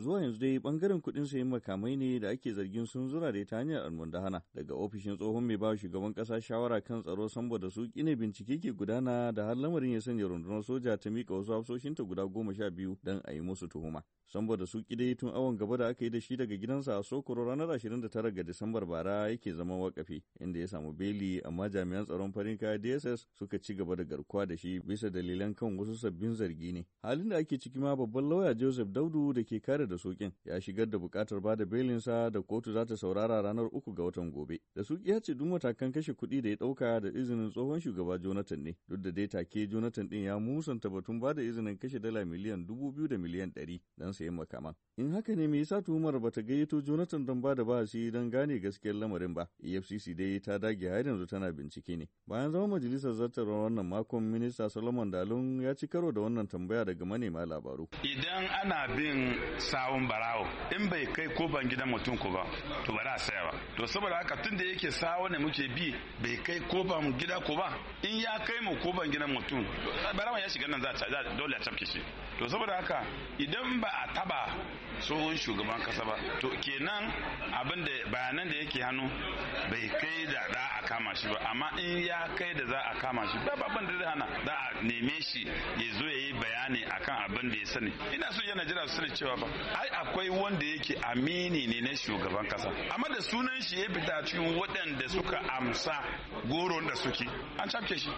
zuwa yanzu dai bangaren kuɗin sayan makamai ne da ake zargin sun zura da ta hanyar almundahana daga ofishin tsohon mai bawa shugaban ƙasa shawara kan tsaro sambo da su ne bincike ke gudana da har lamarin ya sanya rundunar soja ta miƙa wasu hafsoshinta guda goma sha biyu don a yi musu tuhuma sambo da su dai tun awon gaba da aka yi da shi daga gidansa a sokoro ranar ashirin da 29 ga disambar bara yake zama wakafi inda ya samu beli amma jami'an tsaron farin kaya dss suka ci gaba da garkuwa da shi bisa dalilan kan wasu sabbin zargi ne halin da ake ciki ma babban lauya joseph daudu da ke kare da sokin ya shigar da bukatar bada belinsa da kotu za ta saurara ranar uku ga watan gobe. Da Suki ya ce duk matakan kashe kuɗi da ya ɗauka da izinin tsohon shugaba Jonathan ne, duk da dai take Jonathan ɗin ya musanta batun bada izinin kashe dala miliyan dubu biyu da miliyan ɗari don sayan makaman. In haka ne me yasa tuhumar ba ta gayyato Jonathan don bada bahasi don gane gaskiyar lamarin ba? EFCC dai ta dage har yanzu tana bincike ne. Bayan zama majalisar zartarwa wannan makon minista salomon Dalun ya ci karo da wannan tambaya daga manema labaru. Idan ana bin sa sawun barawo in bai kai ban gidan mutum ku ba to ba za saya ba to saboda haka tun da yake sawo ne muke bi bai kai ban gida ku ba in ya kai mu ban gidan mutum barawo ya shiga nan za dole a tafke shi to saboda haka idan ba a taba tsohon shugaban kasa ba to kenan abin da bayanan da yake hannu bai kai da za a kama shi ba amma in ya kai da za a kama shi ba babban da hana za a neme shi ya zo ya yi bayani akan abin da ya sani ina so yana jira su sani cewa ba ai akwai wanda yake amini ne na shugaban kasa amma da sunan shi ya fita cikin waɗanda suka amsa goro da suke an cafke shi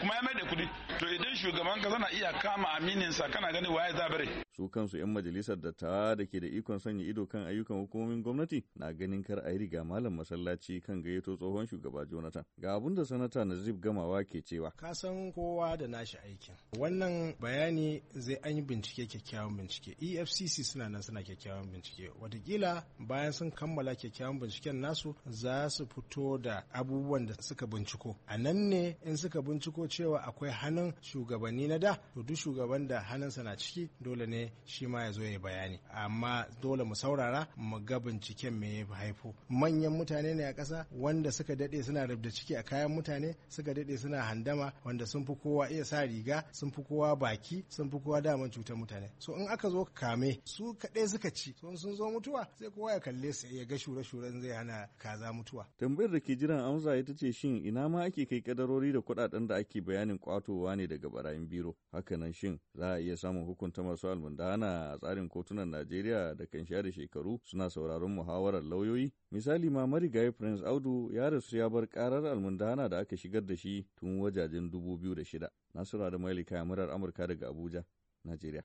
kuma ya mai da kuɗi to idan shugaban kasa na iya kama amininsa sa kana yani waaayad abri su kansu 'yan majalisar dattawa da ke da ikon sanya ido kan ayyukan hukumomin gwamnati na ganin kar a yi riga malam masallaci kan gayyato tsohon shugaba jonathan ga abun da sanata nazib gamawa ke cewa ka san kowa da nashi aikin wannan bayani zai an yi bincike kyakkyawan bincike efcc suna nan suna kyakkyawan bincike watakila bayan sun kammala kyakkyawan binciken nasu za su fito da abubuwan da suka binciko a nan ne in suka binciko cewa akwai hannun shugabanni na da to duk shugaban da hannunsa na ciki dole ne shi ma ya zo ya bayani amma dole mu saurara mu ga binciken me ya haifo manyan mutane ne a ƙasa wanda suka daɗe suna rubda ciki a kayan mutane suka daɗe suna handama wanda sun fi kowa iya sa riga sun fi kowa baki sun fi kowa daman cutar mutane so in aka zo kame su kaɗai suka ci so sun zo mutuwa sai kowa ya kalle su ya ga shure-shuren zai hana kaza mutuwa tambayar da ke jiran amsa ita ce shin ina ma ake kai kadarori da kuɗaɗen da ake bayanin kwatowa ne daga barayin biro hakanan shin za a iya samun hukunta masu almanu almundana a tsarin kotunan Najeriya da kan share shekaru suna sauraron muhawarar lauyoyi. Misali ma marigayi Prince Audu ya rasu ya bar karar almundana da aka shigar da shi tun wajajen 2006. da da Yalika murar Amurka daga Abuja, Najeriya.